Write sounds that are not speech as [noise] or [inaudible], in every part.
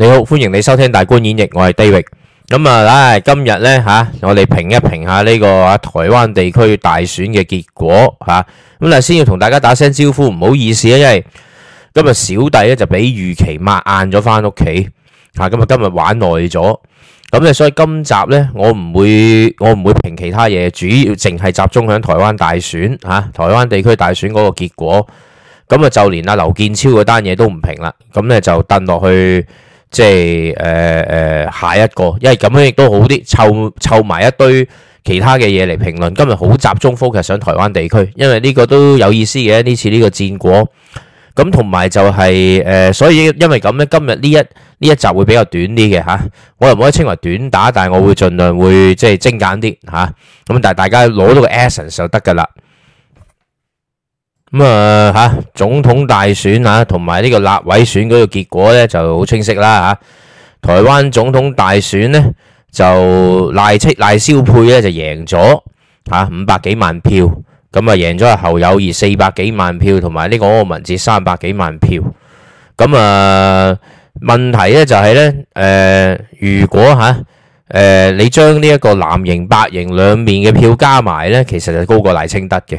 你好，歡迎你收聽大觀演繹。我係 David 咁啊，唉，今日咧吓，我哋評一評一下呢個啊台灣地區大選嘅結果吓。咁但先要同大家打聲招呼，唔好意思啊，因為今日小弟咧就畀預期晚硬咗翻屋企吓，咁啊今日玩耐咗咁咧，所以今集咧我唔會我唔會評其他嘢，主要淨係集中喺台灣大選吓，台灣地區大選嗰個結果咁啊，就連啊劉建超嗰單嘢都唔評啦，咁咧就蹲落去。即係誒誒下一個，因為咁樣亦都好啲，湊湊埋一堆其他嘅嘢嚟評論。今日好集中 focus 上台灣地區，因為呢個都有意思嘅，呢次呢個戰果。咁同埋就係、是、誒、呃，所以因為咁咧，今日呢一呢一集會比較短啲嘅吓。我又唔可以稱為短打，但係我會盡量會即係精簡啲吓。咁但係大家攞到個 essence 就得噶啦。咁、嗯、啊吓，總統大選吓，同埋呢個立委選舉嘅結果咧就好清晰啦吓、啊。台灣總統大選咧就賴清賴蕭配咧就贏咗吓五百幾萬票，咁啊贏咗係侯友宜四百幾萬票，同埋呢個柯文哲三百幾萬票。咁啊問題咧就係、是、咧，誒、呃、如果吓誒、啊呃、你將呢一個藍營、白營兩面嘅票加埋咧，其實就高過賴清德嘅。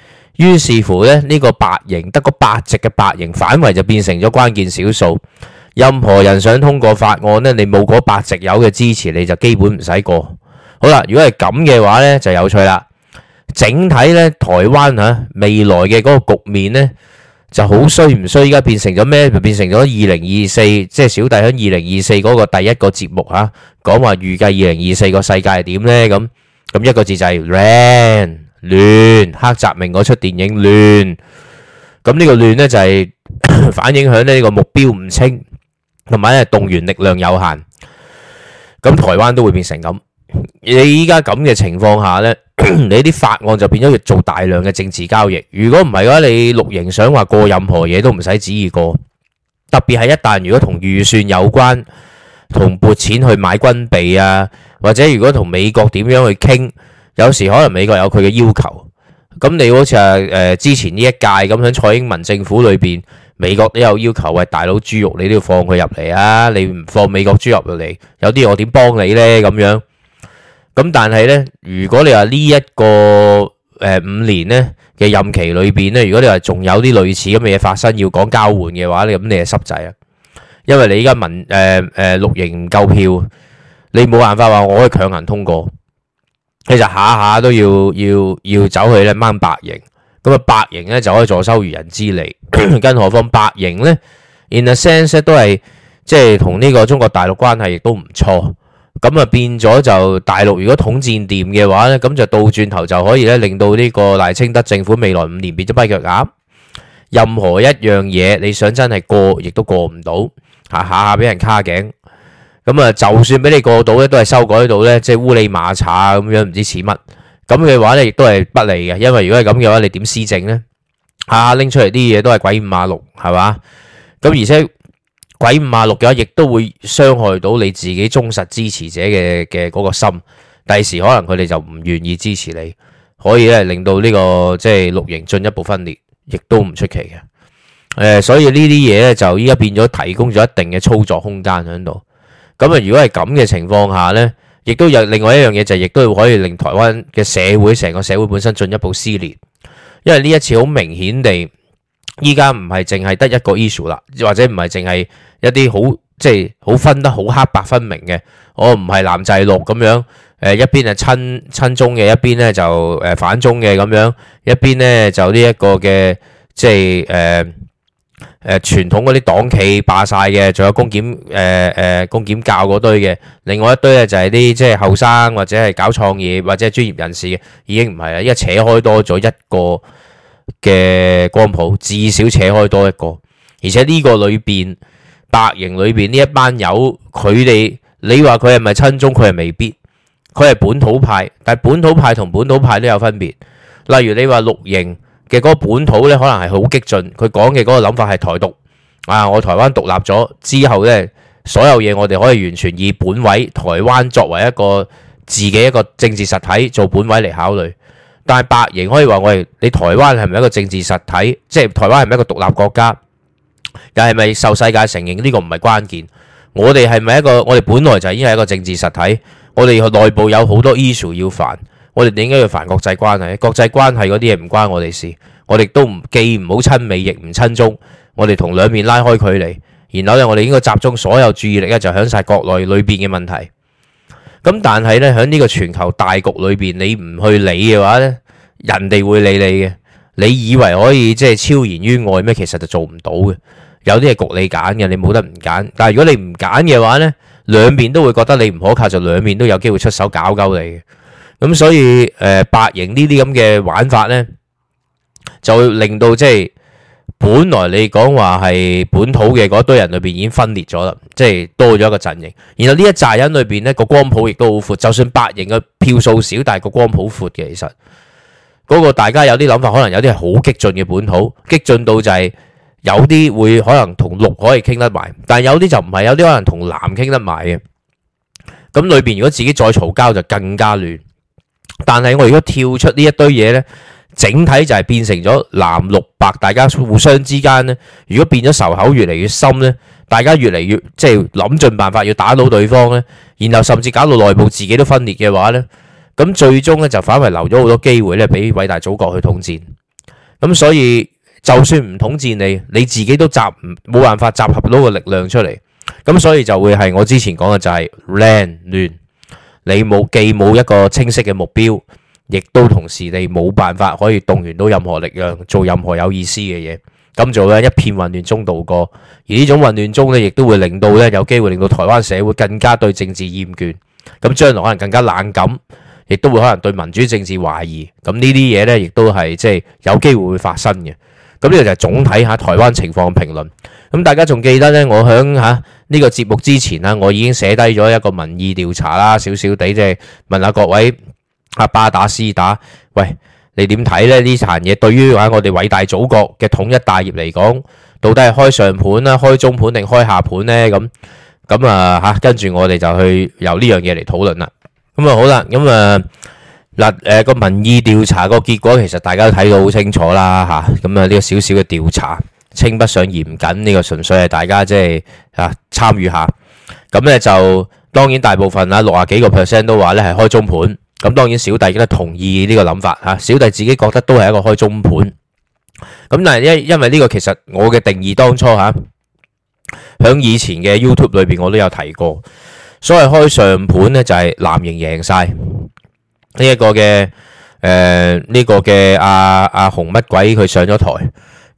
於是乎咧，呢個白營得個八席嘅白營反而就變成咗關鍵少數。任何人想通過法案咧，你冇嗰八席有嘅支持，你就基本唔使過。好啦，如果係咁嘅話咧，就有趣啦。整體咧，台灣呀未來嘅嗰個局面咧，就好衰唔衰？依家變成咗咩？變成咗二零二四，即係小弟喺二零二四嗰個第一個節目呀講話預計二零二四個世界係點咧？咁咁一個字就係亂。亂，黑澤明嗰出電影亂，咁呢個亂呢就係、是、 [laughs] 反映響呢個目標唔清，同埋呢動員力量有限，咁台灣都會變成咁。你依家咁嘅情況下呢， [coughs] 你啲法案就變咗要做大量嘅政治交易。如果唔係嘅話，你綠營想話過任何嘢，都唔使旨意過，特別係一旦如果同預算有關，同撥錢去買軍備啊，或者如果同美國點樣去傾。有時可能美國有佢嘅要求，咁你好似係誒之前呢一屆咁喺蔡英文政府裏邊，美國都有要求，喂大佬豬肉你都要放佢入嚟啊！你唔放美國豬肉入嚟，有啲我點幫你呢？咁樣？咁但係呢，如果你話呢一個誒五年咧嘅任期裏邊咧，如果你話仲有啲類似咁嘅嘢發生要講交換嘅話咧，咁你係濕滯啊！因為你依家民誒誒綠營唔夠票，你冇辦法話我可以強行通過。其實下下都要要要走去咧掹白營，咁啊白營咧就可以坐收漁人之利，更何況白營咧，in a sense 都係即係同呢個中國大陸關係亦都唔錯，咁啊變咗就大陸如果統戰掂嘅話咧，咁就倒轉頭就可以咧令到呢個賴清德政府未來五年變咗跛腳鴨，任何一樣嘢你想真係過，亦都過唔到，下下下俾人卡頸。咁啊，就算俾你過到咧，都係修改到咧，即係烏里馬查，咁樣，唔知似乜。咁嘅話咧，亦都係不利嘅，因為如果係咁嘅話，你點施政呢？下拎出嚟啲嘢都係鬼五馬六，係嘛？咁而且鬼五馬六嘅話，亦都會傷害到你自己忠實支持者嘅嘅嗰個心。第時可能佢哋就唔願意支持你，可以咧令到呢、這個即係綠營進一步分裂，亦都唔出奇嘅。誒，所以呢啲嘢咧，就依家變咗提供咗一定嘅操作空間喺度。咁啊！如果係咁嘅情況下呢，亦都有另外一樣嘢，就係亦都可以令台灣嘅社會成個社會本身進一步撕裂，因為呢一次好明顯地，依家唔係淨係得一個 issue 啦，或者唔係淨係一啲好即係好分得好黑白分明嘅，我唔係藍定綠咁樣，誒一邊係親親中嘅，一邊呢就誒反中嘅咁樣，一邊呢就呢一個嘅即係誒。就是呃誒，傳統嗰啲黨企霸晒嘅，仲有公檢誒誒公檢教嗰堆嘅，另外一堆啊就係啲即係後生或者係搞創業或者係專業人士嘅，已經唔係啦，因為扯開多咗一個嘅光譜，至少扯開多一個，而且呢個裏邊，白營裏邊呢一班友，佢哋你話佢係咪親中，佢係未必，佢係本土派，但係本土派同本土派都有分別，例如你話綠營，嘅個本土咧，可能係好激進。佢講嘅嗰個諗法係台獨啊！我台灣獨立咗之後咧，所有嘢我哋可以完全以本位台灣作為一個自己一個政治實體做本位嚟考慮。但係白營可以話：我哋你台灣係咪一個政治實體？即係台灣係咪一個獨立國家？但係咪受世界承認？呢個唔係關鍵。我哋係咪一個？我哋本來就已經係一個政治實體。我哋內部有好多 issue 要煩。我哋點解要煩國際關係，國際關係嗰啲嘢唔關我哋事。我哋都既唔好親美，亦唔親中。我哋同兩面拉開距離，然後咧，我哋應該集中所有注意力咧，就喺晒國內裏邊嘅問題。咁但係咧，喺呢個全球大局裏邊，你唔去理嘅話咧，人哋會理你嘅。你以為可以即係超然於外咩？其實就做唔到嘅。有啲係局你揀嘅，你冇得唔揀。但係如果你唔揀嘅話咧，兩面都會覺得你唔可靠，就兩面都有機會出手搞鳩你。咁所以，誒白營呢啲咁嘅玩法呢，就會令到即係、就是、本來你講話係本土嘅嗰堆人裏邊已經分裂咗啦，即、就、係、是、多咗一個陣營。然後一呢一紮人裏邊呢個光譜亦都好闊，就算白營嘅票數少，但係個光譜闊嘅其實嗰、那個大家有啲諗法，可能有啲係好激進嘅本土，激進到就係有啲會可能同綠可以傾得埋，但係有啲就唔係，有啲可能同藍傾得埋嘅。咁裏邊如果自己再嘈交，就更加亂。但係我如果跳出呢一堆嘢呢，整體就係變成咗藍綠白，大家互相之間呢。如果變咗仇口越嚟越深呢，大家越嚟越即係諗盡辦法要打到對方呢，然後甚至搞到內部自己都分裂嘅話呢，咁最終呢，就反為留咗好多機會呢俾偉大祖國去統戰。咁所以就算唔統戰你，你自己都集冇辦法集合到個力量出嚟，咁所以就會係我之前講嘅就係亂亂。亂亂。你冇，既冇一個清晰嘅目標，亦都同時你冇辦法可以動員到任何力量做任何有意思嘅嘢，咁就喺一片混亂中度過。而呢種混亂中咧，亦都會令到咧有機會令到台灣社會更加對政治厭倦，咁將來可能更加冷感，亦都會可能對民主政治懷疑。咁呢啲嘢咧，亦都係即係有機會會發生嘅。咁呢個就係總體下台灣情況嘅評論。咁大家仲記得咧？我喺嚇呢個節目之前啦，我已經寫低咗一個民意調查啦，少少地即係問下各位阿巴打絲打，喂，你點睇咧？呢層嘢對於喺我哋偉大祖國嘅統一大業嚟講，到底係開上盤啦、開中盤定開下盤咧？咁咁啊嚇，跟住我哋就去由呢樣嘢嚟討論啦。咁啊好啦，咁啊嗱誒個民意調查個結果其實大家都睇到好清楚啦嚇，咁啊呢個少少嘅調查，稱不上嚴謹，呢個純粹係大家即、就、係、是、啊參與下，咁咧就當然大部分啦六啊幾個 percent 都話咧係開中盤，咁當然小弟亦都同意呢個諗法吓、啊，小弟自己覺得都係一個開中盤，咁、啊、但係因因為呢個其實我嘅定義當初吓，響、啊、以前嘅 YouTube 裏邊我都有提過，所謂開上盤咧就係藍營贏晒呢一個嘅誒呢個嘅阿阿紅乜鬼佢上咗台。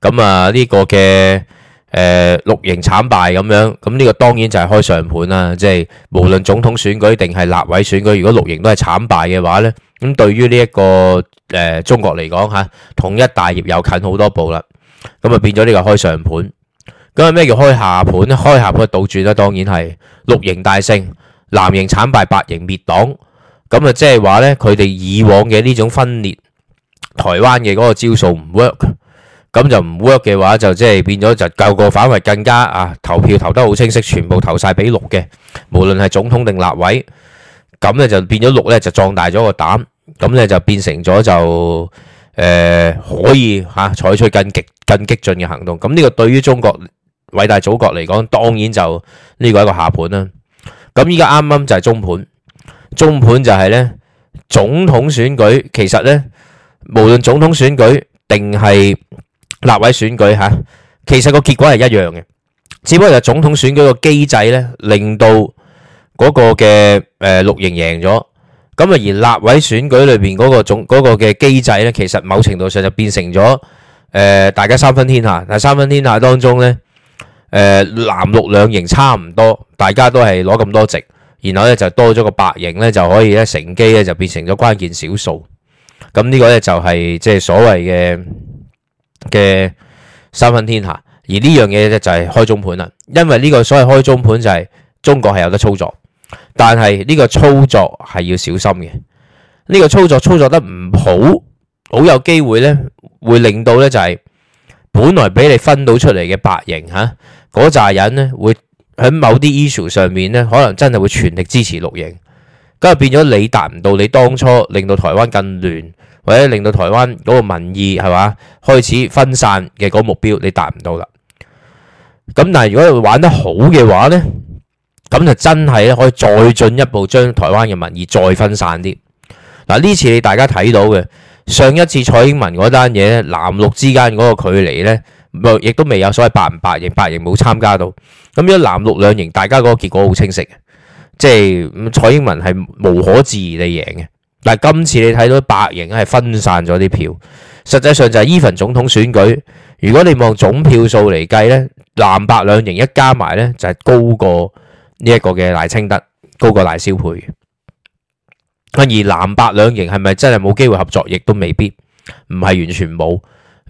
咁啊！呢個嘅誒綠營慘敗咁樣，咁呢個當然就係開上盤啦。即係無論總統選舉定係立委選舉，如果綠營都係慘敗嘅話呢，咁對於呢一個誒中國嚟講嚇統一大業又近好多步啦。咁啊變咗呢個開上盤，咁係咩叫開下盤咧？開下盤係倒轉啦，當然係綠營大勝，藍營慘敗，白營滅黨，咁啊即係話呢，佢哋以往嘅呢種分裂台灣嘅嗰個招數唔 work。咁就唔 work 嘅話，就即係變咗就夠個反圍更加啊！投票投得好清晰，全部投晒俾六嘅，無論係總統定立委，咁咧就變咗六咧就壯大咗個膽，咁咧就變成咗就誒可以吓採取更激更激進嘅行動。咁呢個對於中國偉大祖國嚟講，當然就呢個係一個下盤啦。咁依家啱啱就係中盤，中盤就係咧總統選舉，其實咧無論總統選舉定係。立委選舉嚇，其實個結果係一樣嘅，只不過就總統選舉個機制咧，令到嗰個嘅誒綠營贏咗，咁啊而立委選舉裏邊嗰個總嘅、嗰個、機制咧，其實某程度上就變成咗誒、呃、大家三分天下，但三分天下當中咧誒、呃、藍綠兩營差唔多，大家都係攞咁多席，然後咧就多咗個白營咧就可以咧乘機咧就變成咗關鍵少數，咁呢個咧就係即係所謂嘅。嘅三分天下，而呢樣嘢咧就係開中盤啦，因為呢個所謂開中盤就係中國係有得操作，但係呢個操作係要小心嘅，呢、呢個操作操作得唔好，好有機會呢會令到呢就係本來俾你分到出嚟嘅白營吓，嗰、啊、扎人呢會喺某啲 issue 上面呢可能真係會全力支持綠營，咁啊變咗你達唔到你當初令到台灣更亂。或者令到台灣嗰個民意係嘛開始分散嘅嗰個目標，你達唔到啦。咁但係如果你玩得好嘅話呢，咁就真係咧可以再進一步將台灣嘅民意再分散啲。嗱，呢次你大家睇到嘅上一次蔡英文嗰單嘢，藍綠之間嗰個距離呢，亦都未有所謂白唔白營，白營冇參加到。咁如果藍綠兩營大家嗰個結果好清晰，即係蔡英文係無可置疑地贏嘅。嗱，今次你睇到白營係分散咗啲票，實際上就係呢份總統選舉。如果你望總票數嚟計咧，藍白兩營一加埋咧，就係高過呢一個嘅賴清德，高過賴蕭配嘅。咁而藍白兩營係咪真係冇機會合作？亦都未必唔係完全冇，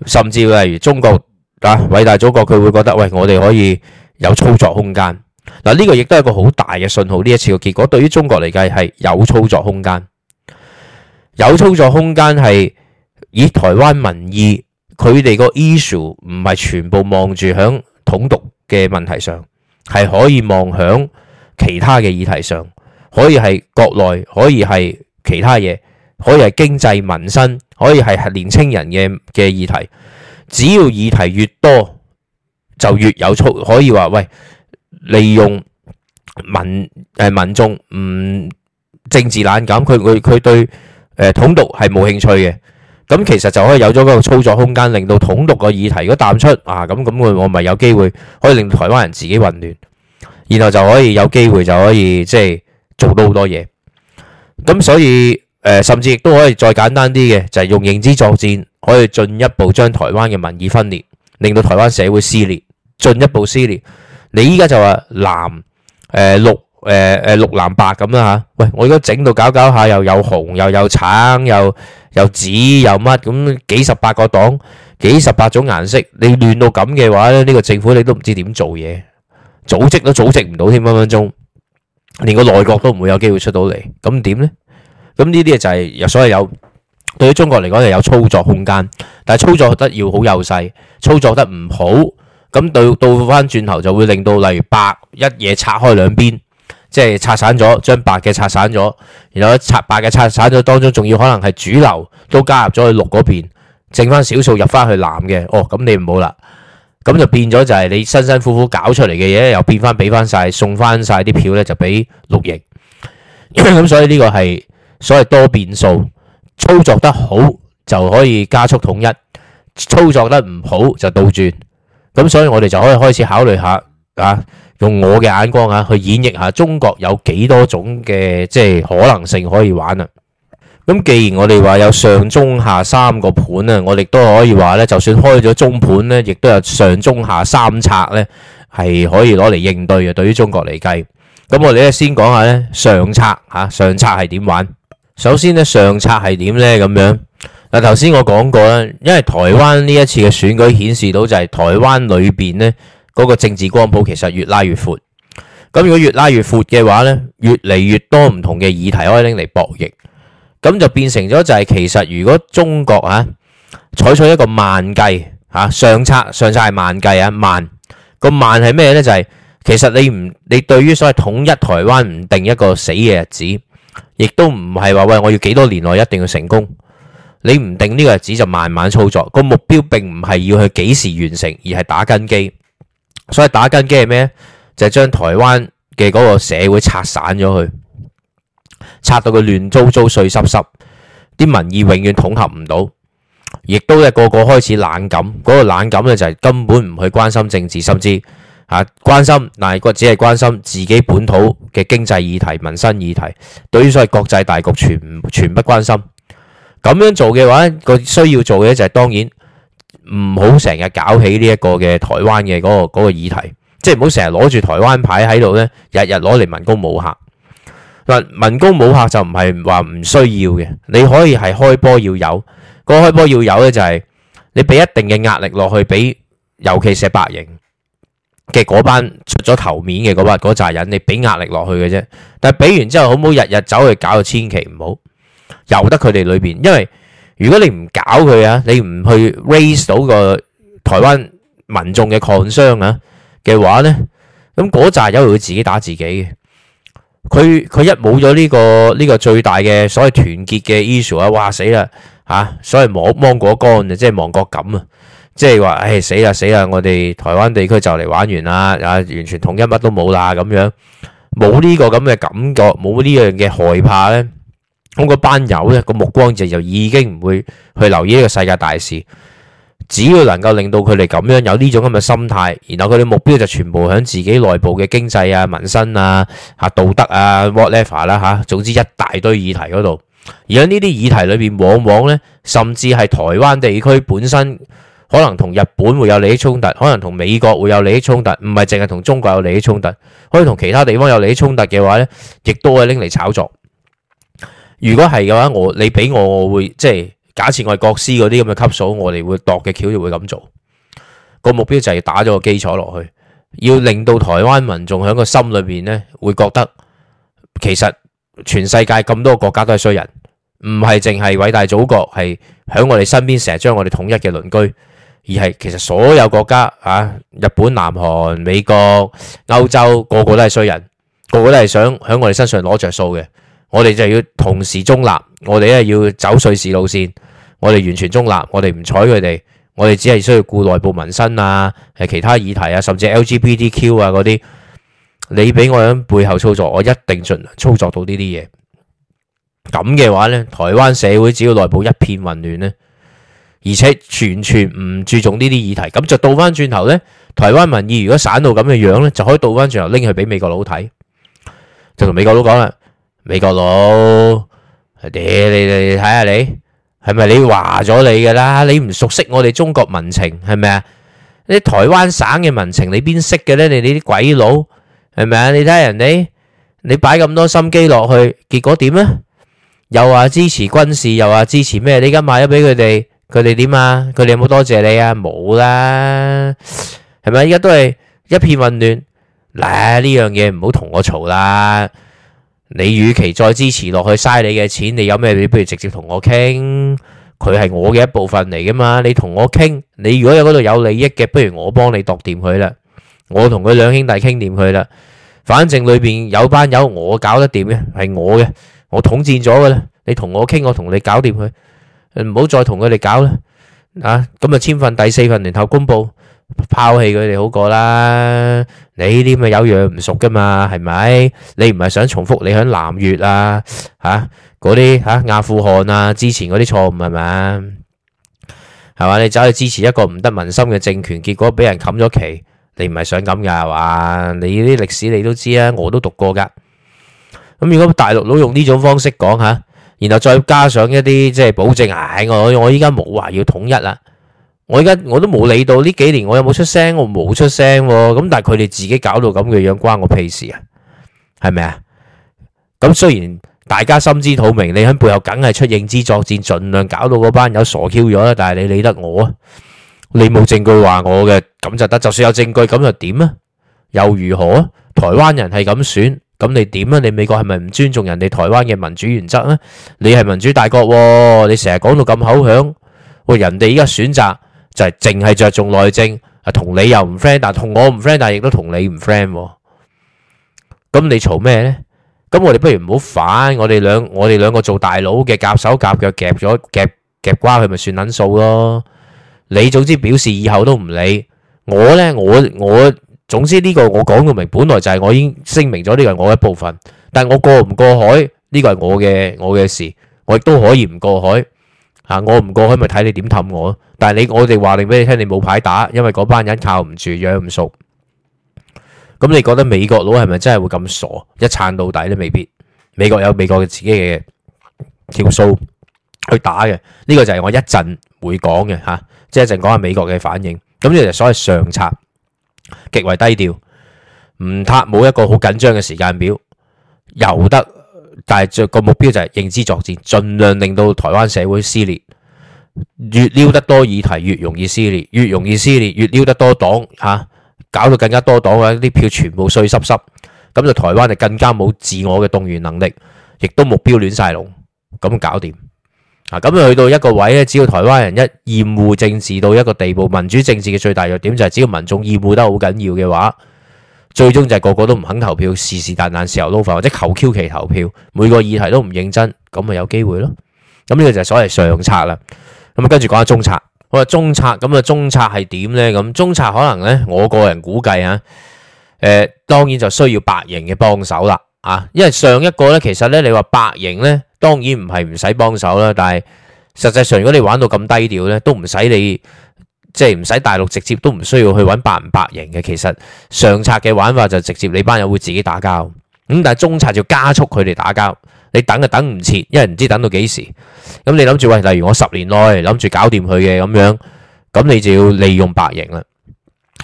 甚至例如中國啊，偉大祖國佢會覺得喂，我哋可以有操作空間嗱。呢個亦都係一個好大嘅信號。呢一次嘅結果對於中國嚟計係有操作空間。有操作空間係，以台灣民意，佢哋個 issue 唔係全部望住響統獨嘅問題上，係可以望響其他嘅議題上，可以係國內，可以係其他嘢，可以係經濟民生，可以係年青人嘅嘅議題。只要議題越多，就越有操可以話喂，利用民誒、呃、民眾唔、嗯、政治冷感，佢佢佢對。誒統獨係冇興趣嘅，咁其實就可以有咗嗰個操作空間，令到統獨個議題如果淡出啊，咁咁我我咪有機會可以令台灣人自己混亂，然後就可以有機會就可以即係做到好多嘢。咁所以誒，甚至亦都可以再簡單啲嘅，就係用認知作戰，可以進一步將台灣嘅民意分裂，令到台灣社會撕裂，進一步撕裂。你依家就話藍誒綠。誒誒，綠藍白咁啦嚇。喂，我而家整到搞搞下，又有紅，又有橙，又又紫，又乜咁幾十八個黨，幾十八種顏色，你亂到咁嘅話咧，呢個政府你都唔知點做嘢，組織都組織唔到添，分分鐘連個內閣都唔會有機會出到嚟。咁點咧？咁呢啲嘢就係又所謂有對於中國嚟講就有操作空間，但係操作得要好幼細，操作得唔好咁到到翻轉頭就會令到例如白一嘢拆開兩邊，即係拆散咗，將白嘅拆散咗，然後拆白嘅拆散咗，當中仲要可能係主流都加入咗去綠嗰邊，剩翻少數入翻去藍嘅，哦，咁你唔好啦，咁就變咗就係你辛辛苦苦搞出嚟嘅嘢，又變翻俾翻晒，送翻晒啲票咧，就俾綠營。咁所以呢個係，所謂多變數，操作得好就可以加速統一，操作得唔好就倒轉。咁所以我哋就可以開始考慮下。啊！用我嘅眼光啊，去演繹下中國有幾多種嘅即係可能性可以玩啦。咁既然我哋話有上中下三個盤啊，我亦都可以話咧，就算開咗中盤咧，亦都有上中下三策咧，係可以攞嚟應對嘅。對於中國嚟計，咁我哋咧先講下咧上策吓，上策係點玩？首先咧，上策係點咧，咁樣嗱。頭先我講過啦，因為台灣呢一次嘅選舉顯示到就係台灣裏邊咧。嗰個政治光譜其實越拉越闊，咁如果越拉越闊嘅話呢，越嚟越多唔同嘅議題可以拎嚟博弈，咁就變成咗就係其實如果中國嚇、啊、採取一個慢計嚇、啊、上策，上策係慢計啊，慢個慢係咩呢？就係、是、其實你唔你對於所謂統一台灣唔定一個死嘅日子，亦都唔係話喂，我要幾多年內一定要成功，你唔定呢個日子就慢慢操作，個目標並唔係要去幾時完成，而係打根基。所以打根基係咩？就係、係、將台灣嘅嗰個社會拆散咗佢，拆到佢亂糟糟、碎濕濕，啲民意永遠統合唔到，亦都係個個開始冷感。嗰、嗰個冷感咧就係根本唔去關心政治，甚至啊關心嗱，但是只係關心自己本土嘅經濟議題、民生議題，對於所謂國際大局全全不關心。咁樣做嘅話，佢需要做嘅就係當然。唔好成日搞起呢一個嘅台灣嘅嗰個嗰個議題，即係唔好成日攞住台灣牌喺度咧，日日攞嚟文攻武嚇嗱，文攻武嚇就唔係話唔需要嘅，你可以係開波要有個開波要有咧，就係你俾一定嘅壓力落去，俾尤其係白營嘅嗰班出咗頭面嘅嗰班嗰扎人，你俾壓力落去嘅啫。但係俾完之後，好唔好日日走去搞到，千祈唔好由得佢哋裏邊，因為。如果你唔搞佢啊，你唔去 raise 到個台灣民眾嘅抗雙啊嘅話呢，咁嗰扎有會自己打自己嘅。佢佢一冇咗呢個呢個最大嘅所謂團結嘅 issue 啊，哇死啦吓！所謂芒果乾啊，即係亡國感啊，即係話唉死啦死啦，我哋台灣地區就嚟玩完啦啊，完全統一乜都冇啦咁樣，冇呢個咁嘅感覺，冇呢樣嘅害怕呢。咁個班友咧，個目光就就已經唔會去留意呢個世界大事。只要能夠令到佢哋咁樣有呢種咁嘅心態，然後佢哋目標就全部響自己內部嘅經濟啊、民生啊、吓道德啊、whatever 啦吓，總之一大堆議題嗰度。而喺呢啲議題裏邊，往往咧甚至係台灣地區本身可能同日本會有利益衝突，可能同美國會有利益衝突，唔係淨係同中國有利益衝突，可以同其他地方有利益衝突嘅話咧，亦都可以拎嚟炒作。如果係嘅話，我你俾我，我會即係假設我係國師嗰啲咁嘅級數，我哋會度嘅橋就會咁做。個目標就係打咗個基礎落去，要令到台灣民眾喺個心裏面呢，會覺得其實全世界咁多國家都係衰人，唔係淨係偉大祖國係喺我哋身邊成日將我哋統一嘅鄰居，而係其實所有國家啊，日本、南韓、美國、歐洲個個都係衰人，個個都係想喺我哋身上攞著數嘅。我哋就要同時中立，我哋咧要走瑞士路線，我哋完全中立，我哋唔睬佢哋，我哋只係需要顧內部民生啊，誒其他議題啊，甚至 LGBTQ 啊嗰啲，你俾我喺背後操作，我一定盡量操作到呢啲嘢。咁嘅話呢，台灣社會只要內部一片混亂呢，而且完全唔注重呢啲議題，咁就倒翻轉頭呢，台灣民意如果散到咁嘅樣呢，就可以倒翻轉頭拎去俾美國佬睇，就同美國佬講啦。美國佬，你你你睇下你係咪你話咗你噶啦？你唔熟悉我哋中國民情係咪啊？啲台灣省嘅民情你邊識嘅咧？你你啲鬼佬係咪啊？你睇下人哋，你擺咁多心機落去，結果點啊？又話支持軍事，又話支持咩？你而家買咗俾佢哋，佢哋點啊？佢哋有冇多謝你啊？冇啦，係咪？而家都係一片混亂。嗱，呢樣嘢唔好同我嘈啦。你與其再支持落去嘥你嘅錢，你有咩你不如直接同我傾。佢係我嘅一部分嚟噶嘛？你同我傾，你如果有嗰度有利益嘅，不如我幫你度掂佢啦。我同佢兩兄弟傾掂佢啦。反正裏邊有班友，我搞得掂嘅係我嘅，我統戰咗嘅啦。你同我傾，我同你搞掂佢，唔好再同佢哋搞啦。啊，咁啊，簽份第四份聯合公佈。拋棄佢哋好過啦！你呢啲咪有樣唔熟噶嘛？係咪？你唔係想重複你響南越啊？吓，嗰啲吓，阿富汗啊，之前嗰啲錯誤係咪？係嘛？你走去支持一個唔得民心嘅政權，結果俾人冚咗旗，你唔係想咁噶？係嘛？你啲歷史你都知啊，我都讀過噶。咁如果大陸佬用呢種方式講吓，然後再加上一啲即係保證唉，我我依家冇話要統一啦。我而家我都冇理到呢幾年，我有冇出聲？我冇出聲咁，但係佢哋自己搞到咁嘅樣，關我屁事啊？係咪啊？咁雖然大家心知肚明，你喺背後梗係出認知作戰，儘量搞到嗰班有傻 Q 咗啦。但係你理得我啊？你冇證據話我嘅咁就得，就算有證據咁又點啊？又如何啊？台灣人係咁選咁你點啊？你美國係咪唔尊重人哋台灣嘅民主原則啊？你係民主大國，你成日講到咁口響，喂，人哋依家選擇。就係淨係着重內政，啊同你又唔 friend，但同我唔 friend，但亦都同你唔 friend，咁你嘈咩咧？咁我哋不如唔好反，我哋兩我哋兩個做大佬嘅，夾手夾腳夾咗夾夾瓜，佢咪算撚數咯？你總之表示以後都唔理我咧，我我總之呢個我講到明，本來就係我已經聲明咗呢個係我一部分，但係我過唔過海呢個係我嘅我嘅事，我亦都可以唔過海。啊！我唔過去咪睇你點氹我咯，但係你我哋話定俾你聽，你冇牌打，因為嗰班人靠唔住，養唔熟。咁你覺得美國佬係咪真係會咁傻一撐到底都未必，美國有美國嘅自己嘅條數去打嘅。呢、這個就係我一陣會，會講嘅吓、啊，即係一陣講一下美國嘅反應。咁其就所謂上策，極為低調，唔撻冇一個好緊張嘅時間表，由得。但係就個目標就係認知作戰，盡量令到台灣社會撕裂，越撩得多議題越容易撕裂，越容易撕裂越撩得多黨吓、啊，搞到更加多黨嘅啲票全部碎濕濕，咁就台灣就更加冇自我嘅動員能力，亦都目標亂晒龍，咁搞掂啊！咁去到一個位咧，只要台灣人一厭惡政治到一個地步，民主政治嘅最大弱點就係只要民眾厭惡得好緊要嘅話。最終就係個個都唔肯投票，是是旦旦，石油撈粉或者求 Q 其投票，每個議題都唔認真，咁咪有機會咯。咁呢個就所謂上策啦。咁啊，跟住講下中策。好話中策，咁啊中策係點呢？咁中策可能呢，我個人估計啊，誒，當然就需要白營嘅幫手啦。啊，因為上一個呢，其實呢，你話白營呢，當然唔係唔使幫手啦。但係實際上，如果你玩到咁低調呢，都唔使你。即係唔使大陸直接都唔需要去揾白唔白營嘅，其實上策嘅玩法就直接你班友會自己打交。咁但係中策就加速佢哋打交。你等就等唔切，因為唔知等到幾時。咁你諗住喂，例如我十年內諗住搞掂佢嘅咁樣，咁你就要利用白營啦。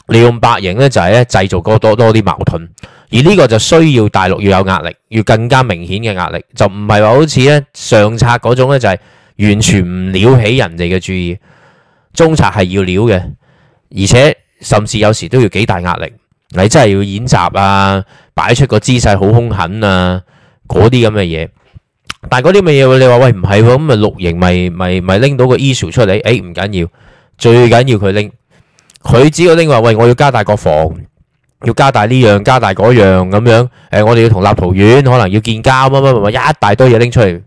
利用白營呢，就係咧製造多多多啲矛盾，而呢個就需要大陸要有壓力，要更加明顯嘅壓力，就唔係話好似咧上策嗰種咧就係完全唔撩起人哋嘅注意。中策係要料嘅，而且甚至有時都要幾大壓力。你真係要演習啊，擺出個姿勢好凶狠啊，嗰啲咁嘅嘢。但係嗰啲咁嘅嘢，你話喂，唔係咁咪綠營咪咪咪拎到個 issue 出嚟。誒、欸，唔緊要，最緊要佢拎佢只要拎話喂，我要加大國防，要加大呢樣，加大嗰樣咁樣。誒、呃，我哋要同立陶宛可能要建交，乜乜乜乜一大堆嘢拎出嚟。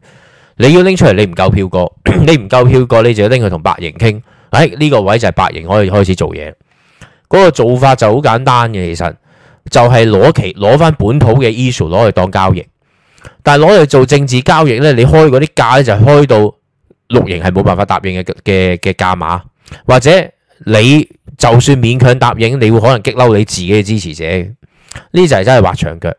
你要拎出嚟，你唔夠票， [coughs] 票過，你唔夠票過，你就要拎去同白營傾。喺呢個位就係白營可以開始做嘢，嗰個做法就好簡單嘅，其實就係攞其攞返本土嘅 issue 攞嚟當交易，但係攞嚟做政治交易呢，你開嗰啲價呢，就係開到綠營係冇辦法答應嘅嘅嘅價碼，或者你就算勉強答應，你會可能激嬲你自己嘅支持者，呢就係真係畫長腳。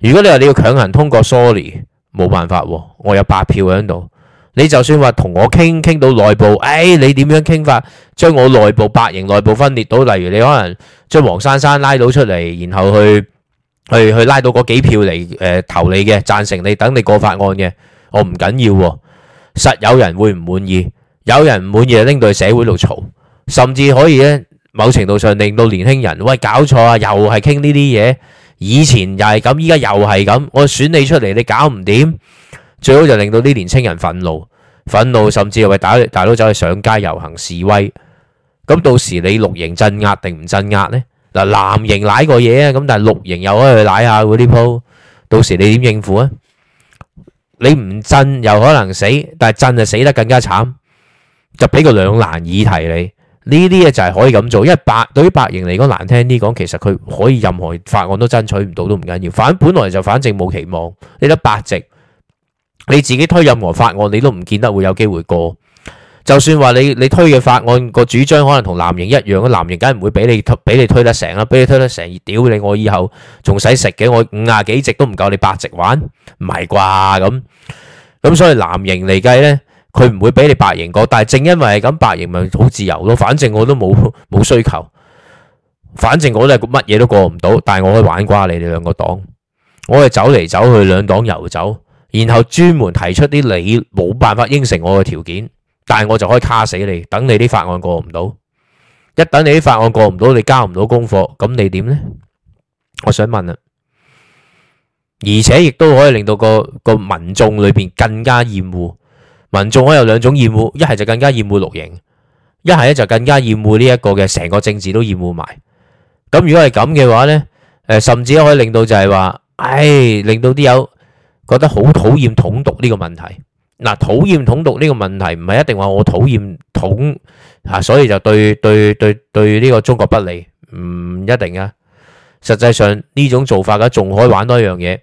如果你話你要強行通過，sorry，冇辦法，啊，我有八票喺度。你就算話同我傾傾到內部，誒、哎，你點樣傾法將我內部白營內部分裂到？例如你可能將黃珊珊拉到出嚟，然後去去去拉到嗰幾票嚟誒、呃、投你嘅、贊成你等你過法案嘅，我唔緊要喎。實有人會唔滿意，有人唔滿意就拎到去社會度嘈，甚至可以咧，某程度上令到年輕人喂，搞錯啊，又係傾呢啲嘢，以前又係咁，依家又係咁，我選你出嚟，你搞唔掂。最好就令到啲年青人憤怒，憤怒甚至係為大佬大佬走去上街遊行示威。咁到時你綠營鎮壓定唔鎮壓呢？嗱，藍營瀨過嘢啊，咁但係綠營又可以瀨下嗰啲鋪，到時你點應付啊？你唔鎮又可能死，但係鎮就死得更加慘，就俾個兩難議題你。呢啲嘢就係可以咁做，因為白對於白營嚟講難聽啲講，其實佢可以任何法案都爭取唔到都唔緊要，反本來就反正冇期望，你得八席。你自己推任，任何法案，你都唔見得會有機會過。就算話你你推嘅法案，個主張可能同藍營一樣，藍營梗係唔會俾你俾你推得成啦。俾你推得成，屌你我以後仲使食嘅？我五廿幾席都唔夠你八席玩，唔係啩咁咁？所以藍營嚟計呢，佢唔會俾你白營過，但係正因為係咁，白營咪好自由咯。反正我都冇冇需求，反正我都係乜嘢都過唔到，但係我可以玩瓜你哋兩個黨，我哋走嚟走去兩黨游走。然後專門提出啲你冇辦法應承我嘅條件，但係我就可以卡死你，等你啲法案過唔到，一等你啲法案過唔到，你交唔到功課，咁你點呢？我想問呀，而且亦都可以令到個個民眾裏邊更加厭惡民眾，可以有兩種厭惡，一係就更加厭惡綠營，一係咧就更加厭惡呢一個嘅，成個政治都厭惡埋。咁如果係咁嘅話呢，誒甚至可以令到就係話，唉令到啲有，覺得好討厭統獨呢個問題，嗱，討厭統獨呢個問題唔係一定話我討厭統嚇，所以就對對對對呢個中國不利，唔一定啊。實際上呢種做法嘅，仲可以玩多一樣嘢，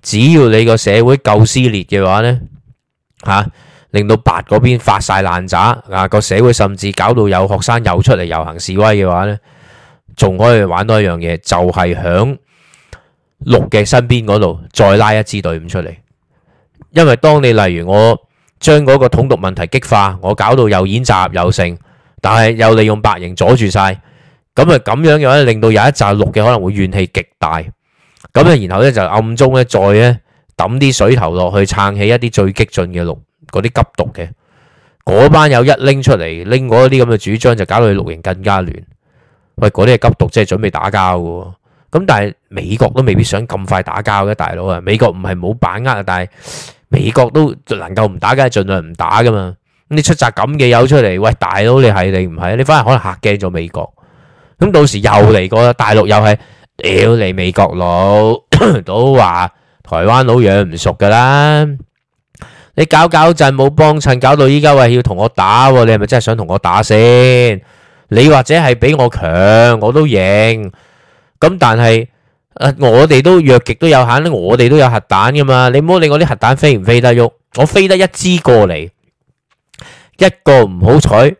只要你個社會夠撕裂嘅話呢嚇、啊，令到白嗰邊發曬爛渣啊，個社會甚至搞到有學生又出嚟遊行示威嘅話呢，仲可以玩多一樣嘢，就係響。六嘅身邊嗰度再拉一支隊伍出嚟，因為當你例如我將嗰個統獨問題激化，我搞到又演習又勝，但係又利用白營阻住晒，咁啊咁樣嘅話，令到有一紮綠嘅可能會怨氣極大，咁啊然後咧就暗中咧再咧抌啲水頭落去撐起一啲最激進嘅綠嗰啲急獨嘅，嗰班友一拎出嚟拎嗰啲咁嘅主張，就搞到佢綠營更加亂，喂嗰啲係急獨，即係準備打交嘅。咁但係美國都未必想咁快打交嘅大佬啊，美國唔係冇把握，但係美國都能夠唔打梗係盡量唔打噶嘛。你出扎咁嘅友出嚟，喂大佬你係你唔係，你反而可能吓驚咗美國。咁到時又嚟過喇，大陸又係，屌你美國佬 [coughs] 都話台灣佬養唔熟噶啦。你搞搞陣冇幫襯，搞到依家喂要同我打，你係咪真係想同我打先？你或者係比我強，我都贏。咁但係，誒，我哋都弱極都有限咧，我哋都有核彈噶嘛。你唔好理我嗰啲核彈飛唔飛得喐？我飛得一支過嚟，一個唔好彩，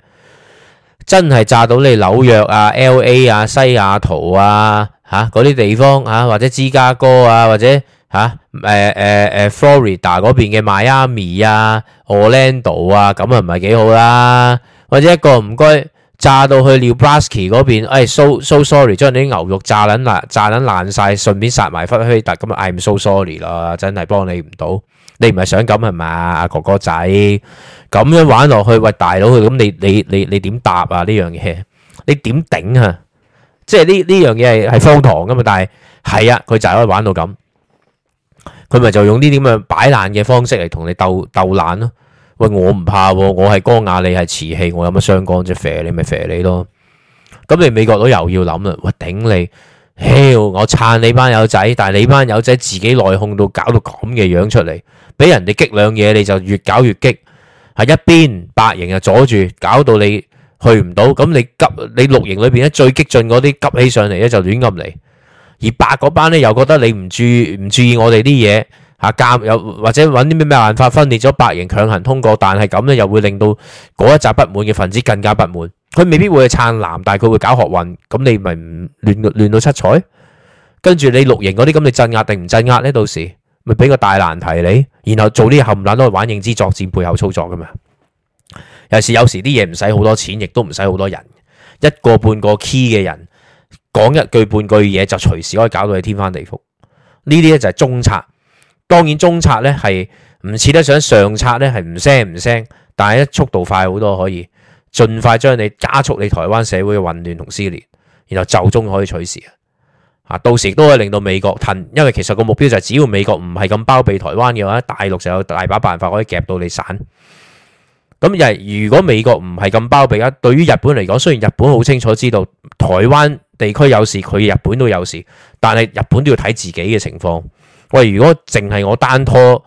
真係炸到你紐約啊、L.A. 啊、西雅圖啊、吓嗰啲地方啊，或者芝加哥啊，或者吓誒誒誒 Florida 嗰邊嘅邁阿密啊、奧蘭度啊，咁啊唔係幾好啦。或者一個唔該。炸到去 Lubaski 嗰邊，哎，so so sorry，將你啲牛肉炸捻爛，炸捻爛晒，順便殺埋翻墟，但咁就 I'm so sorry 啦，真係幫你唔到。你唔係想咁係嘛？哥哥仔，咁樣玩落去，喂大佬去，咁你你你你點答啊？呢樣嘢，你點頂啊？即係呢呢樣嘢係係荒唐噶嘛？但係係啊，佢就可以玩到咁，佢咪就用呢啲咁嘅擺爛嘅方式嚟同你鬥鬥爛咯。喂，我唔怕喎，我係鋼牙，你係瓷器，我有乜相干啫？肥你咪肥你咯。咁你美國佬又要諗啦，我頂你，我撐你班友仔，但係你班友仔自己內訌到搞到咁嘅樣出嚟，俾人哋激兩嘢，你就越搞越激。係一邊白營啊，阻住，搞到你去唔到，咁你急，你綠營裏邊咧最激進嗰啲急起上嚟咧就亂噏嚟，而白嗰班咧又覺得你唔注唔注意我哋啲嘢。嚇監，又或者揾啲咩咩辦法分裂咗白營，強行通過。但係咁咧又會令到嗰一撮不滿嘅分子更加不滿，佢未必會去撐藍，但係佢會搞學運，咁你咪唔亂亂到七彩，跟住你綠營嗰啲咁，你鎮壓定唔鎮壓呢？到時咪俾個大難題你，然後做啲冚唪唥都去玩認知作戰背後操作噶嘛。有時有時啲嘢唔使好多錢，亦都唔使好多人，一個半個 key 嘅人講一句半句嘢，就隨時可以搞到你天翻地覆。呢啲咧就係中策。當然中策咧係唔似得，想上策咧係唔聲唔聲，但係一速度快好多，可以盡快將你加速你台灣社會嘅混亂同撕裂，然後就中可以取事啊！到時都可以令到美國褪，因為其實個目標就係只要美國唔係咁包庇台灣嘅話，大陸就有大把辦法可以夾到你散。咁又係，如果美國唔係咁包庇，啊，對於日本嚟講，雖然日本好清楚知道台灣地區有事，佢日本都有事，但係日本都要睇自己嘅情況。喂，如果淨係我單拖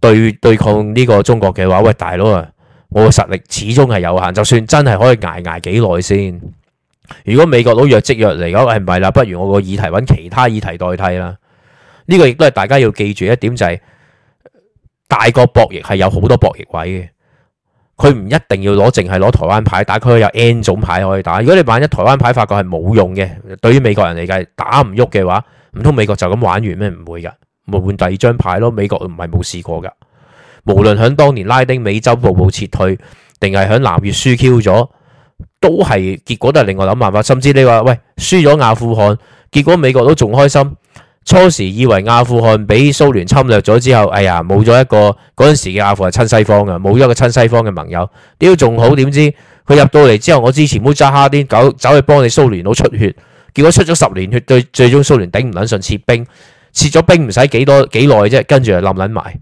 對對抗呢個中國嘅話，喂，大佬啊，我嘅實力始終係有限，就算真係可以捱捱幾耐先。如果美國佬弱即弱嚟講，係唔係啦？不如我個議題揾其他議題代替啦。呢、呢個亦都係大家要記住一點、就係，就係大國博弈係有好多博弈位嘅，佢唔一定要攞淨係攞台灣牌打，佢有 N 種牌可以打。如果你萬一台灣牌發覺係冇用嘅，對於美國人嚟計打唔喐嘅話，唔通美國就咁玩完咩？唔會㗎。咪換第二張牌咯，美國唔係冇試過噶。無論響當年拉丁美洲步步撤退，定係響南越輸 Q 咗，都係結果都係另外諗辦法。甚至你話喂，輸咗阿富汗，結果美國都仲開心。初時以為阿富汗俾蘇聯侵略咗之後，哎呀，冇咗一個嗰陣時嘅阿富汗親西方嘅，冇咗一個親西方嘅盟友。屌仲好點知佢入到嚟之後，我之前冇揸下啲狗走去幫你蘇聯佬出血，結果出咗十年血，對最終蘇聯頂唔捻順撤兵。撤咗兵唔使幾多幾耐啫，跟住就冧撚埋。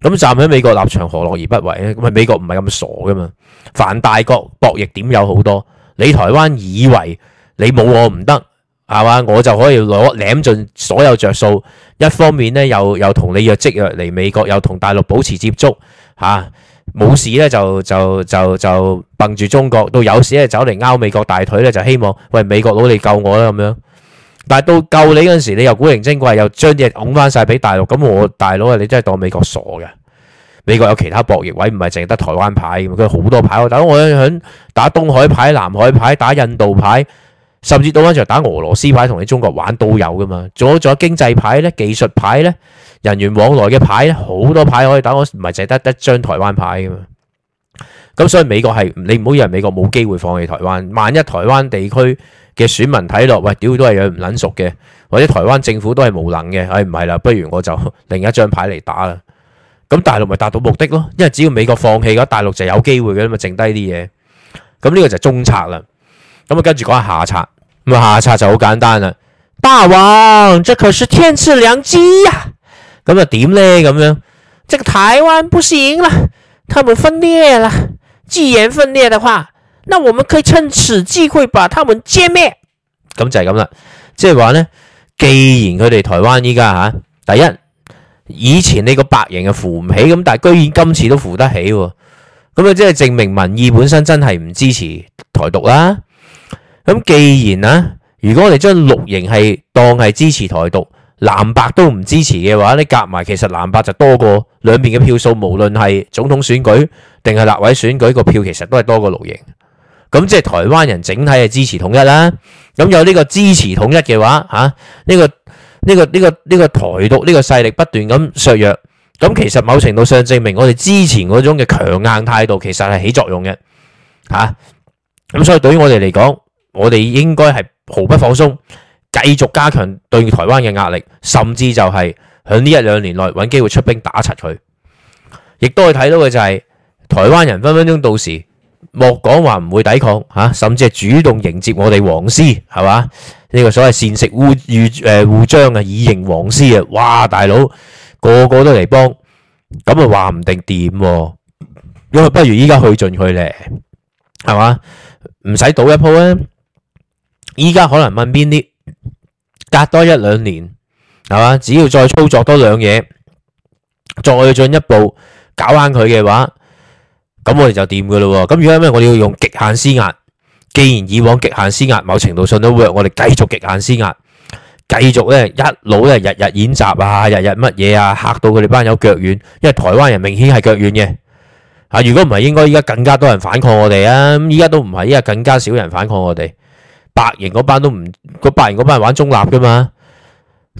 咁站喺美國立場，何樂而不為咧？唔係美國唔係咁傻噶嘛，凡大國博弈點有好多。你台灣以為你冇我唔得係嘛？我就可以攞攬盡所有著數。一方面咧，又又同你若即若離美國，又同大陸保持接觸吓。冇事咧就就就就捧住中國，到有事咧走嚟抱美國大腿咧，就希望喂，美國佬你救我啦咁樣。但係到夠你嗰陣時，你又古靈精怪，又將啲拱翻晒俾大陸。咁我大佬啊，你真係當美國傻噶？美國有其他博弈位，唔係淨係得台灣牌咁。佢好多牌，我打我響打東海牌、南海牌、打印度牌，甚至到翻場打俄羅斯牌，同你中國玩都有噶嘛。仲有仲有經濟牌咧、技術牌咧、人員往來嘅牌咧，好多牌可以打，我唔係淨係得一張台灣牌噶嘛。咁所以美國係你唔好以為美國冇機會放棄台灣。萬一台灣地區，嘅選民睇落，喂，屌都係樣唔撚熟嘅，或者台灣政府都係無能嘅，唉、哎，唔係啦，不如我就另一張牌嚟打啦，咁大陸咪達到目的咯，因為只要美國放棄，嗰大陸就有機會嘅，咁剩低啲嘢，咁呢個就係中策啦，咁啊跟住講下下策，咁啊下下策就好簡單啦，大王，即佢是天賜良機呀、啊，咁又點咧？咁樣，即個台灣不行了，他們分裂了，自然分裂的話。那我們可以趁此機會把他們殲滅，咁就係咁啦，即係話呢，既然佢哋台灣依家吓，第一以前呢個白營係扶唔起，咁但係居然今次都扶得起，咁、嗯、啊即係證明民意本身真係唔支持台獨啦。咁、嗯、既然啊，如果我哋將綠營係當係支持台獨，藍白都唔支持嘅話，你夾埋其實藍白就多過兩邊嘅票數，無論係總統選舉定係立委選舉個票，其實都係多過綠營。咁即係台灣人整體係支持統一啦。咁有呢個支持統一嘅話，嚇、啊、呢、呢個呢、呢個呢、呢個呢、呢個台獨呢個勢力不斷咁削弱。咁其實某程度上證明我哋之前嗰種嘅強硬態度其實係起作用嘅。嚇、啊、咁所以對於我哋嚟講，我哋應該係毫不放鬆，繼續加強對台灣嘅壓力，甚至就係喺呢一兩年內揾機會出兵打拆佢。亦都可以睇到嘅就係、係、台灣人分分鐘到時。莫講話唔會抵抗吓，甚至係主動迎接我哋王師，係嘛？呢、這個所謂簞食壺漿誒壺漿啊，以迎王師啊！哇，大佬個個都嚟幫，咁啊話唔定掂？因為不如依家去盡佢咧，係嘛？唔使賭一鋪咧，依家可能問邊啲，隔多一兩年，係嘛？只要再操作多兩嘢，再進一步搞翻佢嘅話。咁我哋就掂噶咯喎！咁如果咩我哋要用極限施壓，既然以往極限施壓某程度上都 work，我哋繼續極限施壓，繼續咧一路咧日日演習啊，日日乜嘢啊，嚇到佢哋班友腳軟，因為台灣人明顯係腳軟嘅啊！如果唔係，應該依家更加多人反抗我哋啊！咁依家都唔係，依家更加少人反抗我哋。白營嗰班都唔，嗰白營嗰班人玩中立噶嘛。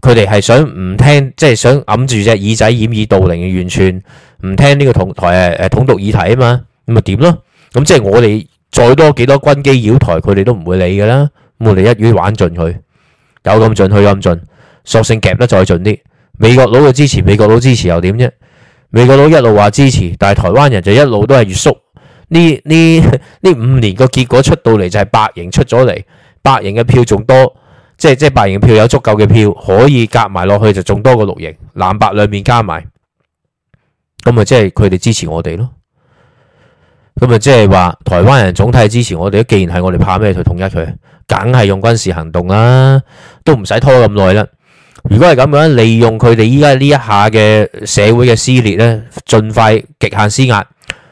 佢哋係想唔聽，即係想揞住隻耳仔掩耳盜鈴完全唔聽呢個統台誒誒統獨議題啊嘛，咁咪點咯？咁即係我哋再多幾多軍機繞台，佢哋都唔會理噶啦。咁我哋一於玩盡佢，有咁盡，佢咁盡，盡，索性夾得再盡啲。美國佬嘅支持，美國佬支持又點啫？美國佬一路話支持，但係台灣人就一路都係越縮。呢呢呢五年個結果出到嚟就係白營出咗嚟，白營嘅票仲多。即係即係白營票有足夠嘅票，可以夾埋落去就仲多過綠營藍白兩面加埋，咁咪即係佢哋支持我哋咯。咁咪即係話台灣人總體支持我哋，既然係我哋怕咩就統一佢，梗係用軍事行動啦，都唔使拖咁耐啦。如果係咁樣，利用佢哋依家呢一下嘅社會嘅撕裂咧，盡快極限施壓，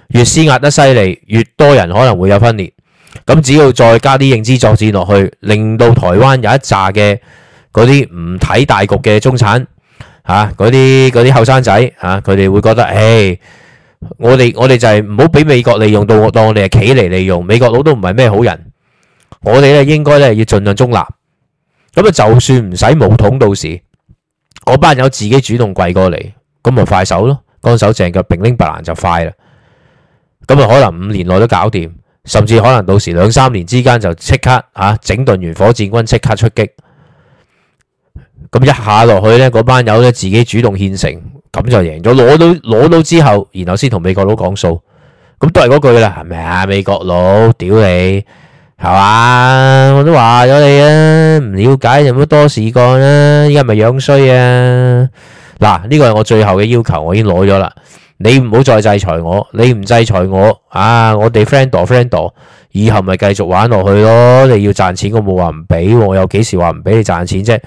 越施壓得犀利，越多人可能會有分裂。咁只要再加啲認知作戰落去，令到台灣有一紮嘅嗰啲唔睇大局嘅中產嚇，嗰啲啲後生仔嚇，佢哋會覺得，唉，我哋我哋就係唔好俾美國利用到，當我哋係企嚟利用美國佬都唔係咩好人，我哋咧應該咧要盡量中立。咁啊，就算唔使武統，到時嗰班友自己主動跪過嚟，咁咪快手咯，乾手淨腳平拎白蘭就快啦。咁啊，可能五年內都搞掂。甚至可能到時兩三年之間就即刻吓、啊、整頓完火箭軍即刻出擊，咁一下落去呢，嗰班友咧自己主動獻城，咁就贏咗，攞到攞到之後，然後先同美國佬講數，咁都係嗰句啦，係咪啊？美國佬，屌你，係嘛？我都話咗你啊，唔了解有冇多事干啦，依家咪樣衰啊！嗱，呢個係我最後嘅要求，我已經攞咗啦。你唔好再制裁我，你唔制裁我啊！我哋 friend 度 friend 度，以後咪繼續玩落去咯。你要賺錢，我冇話唔俾，我又幾時話唔俾你賺錢啫？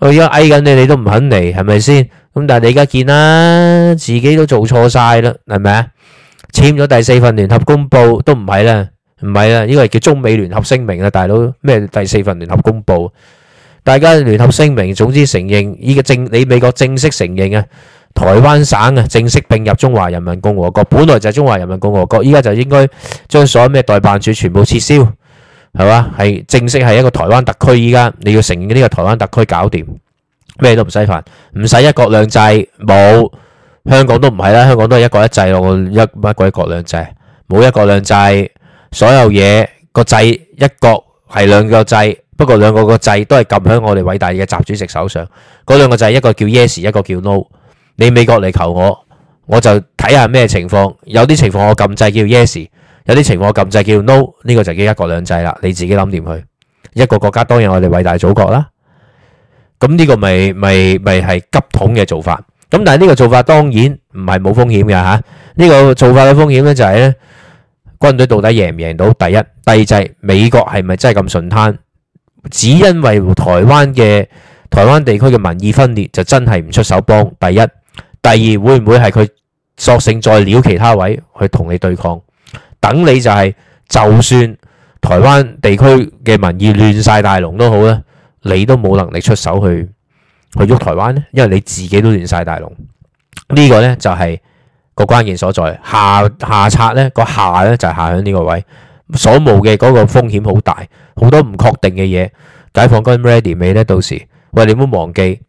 我而家嗌緊你，你都唔肯嚟，係咪先？咁但係你而家見啦，自己都做錯晒啦，係咪啊？簽咗第四份聯合公報都唔係啦，唔係啦，呢個係叫中美聯合聲明啦，大佬咩第四份聯合公報？大家聯合聲明，總之承認呢個政，你美國正式承認啊。台灣省嘅正式並入中華人民共和國，本來就係中華人民共和國。依家就應該將所有咩代辦處全部撤銷，係嘛？係正式係一個台灣特區。依家你要承認呢個台灣特區搞掂，咩都唔使煩，唔使一國兩制。冇香港都唔係啦，香港都係一國一制咯。一乜鬼國兩制？冇一國兩制，所有嘢個制一國係兩個制，不過兩個個制都係撳喺我哋偉大嘅習主席手上。嗰兩個制，一個叫 yes，一個叫 no。你美國嚟求我，我就睇下咩情況。有啲情況我撳掣叫 yes，有啲情況我撳掣叫 no，呢個就叫一國兩制啦。你自己諗掂去。一個國家當然我哋偉大祖國啦。咁呢個咪咪咪係急統嘅做法。咁但係呢個做法當然唔係冇風險嘅吓。呢個做法嘅風險咧就係咧，軍隊到底贏唔贏到？第一，第二就係美國係咪真係咁順攤？只因為台灣嘅台灣地區嘅民意分裂就真係唔出手幫。第一。第二會唔會係佢索性再撩其他位去同你對抗？等你就係、是、就算台灣地區嘅民意亂晒大龍都好啦，你都冇能力出手去去喐台灣咧，因為你自己都亂晒大龍。這個、呢個咧就係、是、個關鍵所在。下下策咧，個下咧就係、是、下喺呢個位所冒嘅嗰個風險好大，好多唔確定嘅嘢。解放軍 ready 未咧？到時喂，你唔好忘記。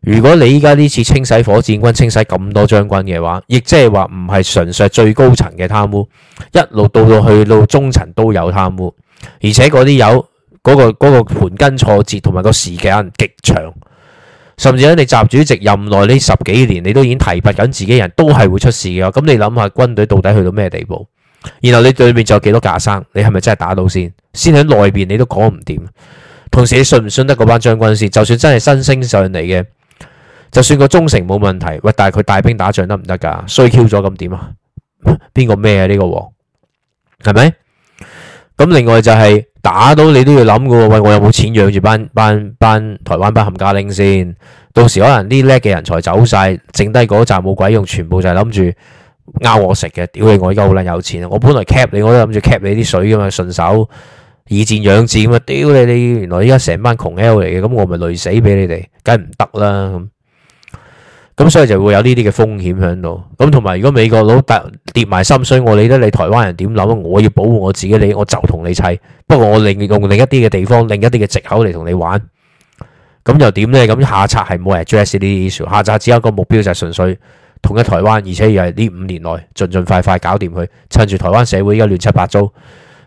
如果你依家呢次清洗火箭軍清洗咁多將軍嘅話，亦即係話唔係純粹最高層嘅貪污，一路到到去到中層都有貪污，而且嗰啲、那個那個、有嗰個嗰個盤根錯節，同埋個時間極長，甚至咧你習主席任內呢十幾年，你都已經提拔緊自己人都係會出事嘅話，咁你諗下軍隊到底去到咩地步？然後你對面就有幾多架生，你係咪真係打到先？先喺內邊你都講唔掂，同時你信唔信得嗰班將軍先？就算真係新升上嚟嘅。就算個忠誠冇問題喂，但係佢帶兵打仗得唔得噶，衰 Q 咗咁點啊？邊個咩啊呢個喎係咪？咁另外就係、是、打到你都要諗噶喎喂，我有冇錢養住班班班，班台灣班冚家拎先？到時可能啲叻嘅人才走晒，剩低嗰扎冇鬼用，全部就係諗住呃我食嘅。屌你，我而家好捻有錢啊！我本來 cap 你，我都諗住 cap 你啲水噶嘛，順手以戰養戰嘛。屌你，你原來而家成班窮 L 嚟嘅，咁我咪累死俾你哋，梗係唔得啦。咁所以就會有呢啲嘅風險喺度。咁同埋如果美國佬跌跌埋心水，我理得你台灣人點諗啊？我要保護我自己，你我就同你砌。不過我另用另一啲嘅地方，另一啲嘅藉口嚟同你玩。咁又點呢？咁下策係冇嚟 address 呢啲 issue。下策只有一個目標就係純粹統一台灣，而且又係呢五年內盡盡快快搞掂佢。趁住台灣社會而家亂七八糟，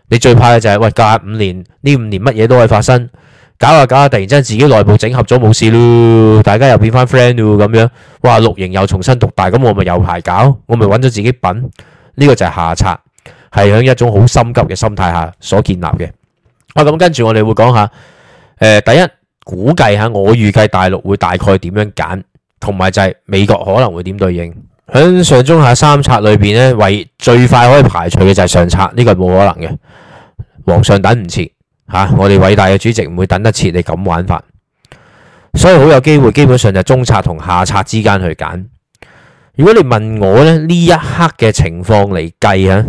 你最怕嘅就係、是、喂，隔五年呢五年乜嘢都會發生。搞下、啊、搞下、啊，突然間自己內部整合咗冇事咯，大家又變翻 friend 咯咁樣，哇綠營又重新獨大，咁我咪有排搞，我咪揾咗自己品。呢、這個就係下策，係喺一種好心急嘅心態下所建立嘅。啊，咁、嗯、跟住我哋會講下，誒、呃，第一估計一下我預計大陸會大概點樣揀，同埋就係美國可能會點對應。喺上中下三策裏邊呢，唯最快可以排除嘅就係上策，呢、這個係冇可能嘅，皇上等唔切。吓、啊！我哋偉大嘅主席唔會等得切，你咁玩法，所以好有機會，基本上就中策同下策之間去揀。如果你問我咧，呢一刻嘅情況嚟計啊，